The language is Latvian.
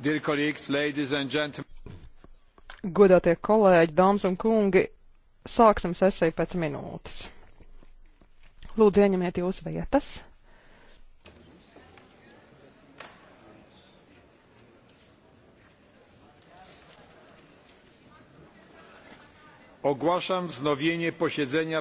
Godātie kolēģi, dāmas un kungi, sāksim sesiju pēc minūtes. Lūdzu, ieņemiet jūsu vietas. Ogłaszam wznowienie posiedzenia.